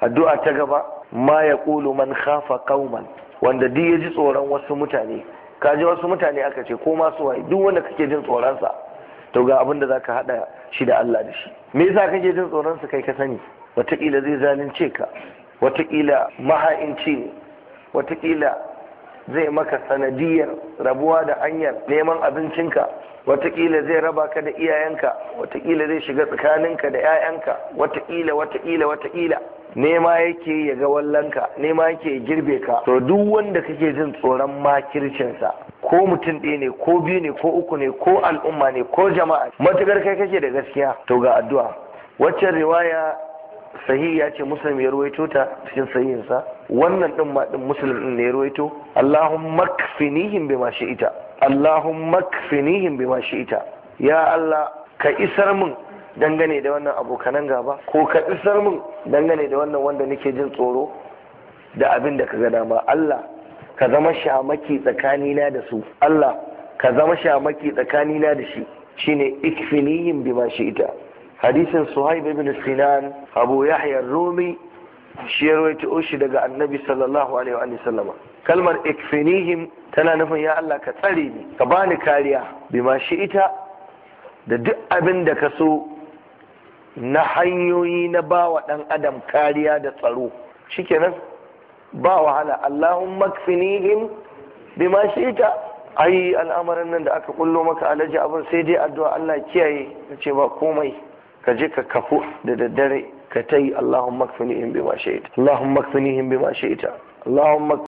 addu'a ta gaba ma ya ƙulu man khafa kauman wanda duk ya ji tsoron wasu mutane ka ji wasu mutane aka ce ko masu waye duk wanda kake jin tsoronsa to ga abin da za ka haɗa shi da Allah da shi me yasa kake jin tsoron tsoronsa kai ka sani wataƙila zai zalunce ka wataƙila maha'inci ne wataƙila zai maka sanadiyar rabuwa da hanyar neman abincinka watakila zai raba ka da iyayenka watakila zai shiga tsakaninka da 'ya'yanka watakila watakila watakila nema yake ya ga wallanka nema yake ya girbe ka to duk wanda kake jin tsoron makircinsa ko mutum ɗaya ne ko biyu ne ko uku ne ko al'umma ne ko jama'a matukar kai kake da gaskiya to ga addu'a waccan riwaya sahihi ya ce muslim ya ruwaito ta cikin sahihinsa wannan din ma din muslim din ne ya ruwaito allahumma kfinihim bima shi'ita allahumma kfinihim bima shi'ita ya allah ka isar min dangane da wannan abokanan gaba ko ka isar min dangane da wannan wanda nake jin tsoro da abin da ka ga dama allah ka zama shamaki tsakanina da su allah ka zama shamaki tsakanina da shi shine ikfinihim bima shi'ita hadisin suhaib ibn sinan abu yahya rumi shi ya rawaito shi daga annabi sallallahu kalmar ikfinihim tana nufin ya Allah ka tsare ni ka bani kariya bima ita da duk abin da ka so na hanyoyi na bawa ɗan adam kariya da tsaro shikenan ba wahala Allahumma kfinihim bima shi ita ai al'amarin nan da aka kullo maka alaji abin sai dai addu'a Allah kiyaye ce ba komai ka je ka kafu da daddare ka ta yi Allahumma kfinihim bima shi'ita Allahumma kfinihim ma shi'ita Allahumma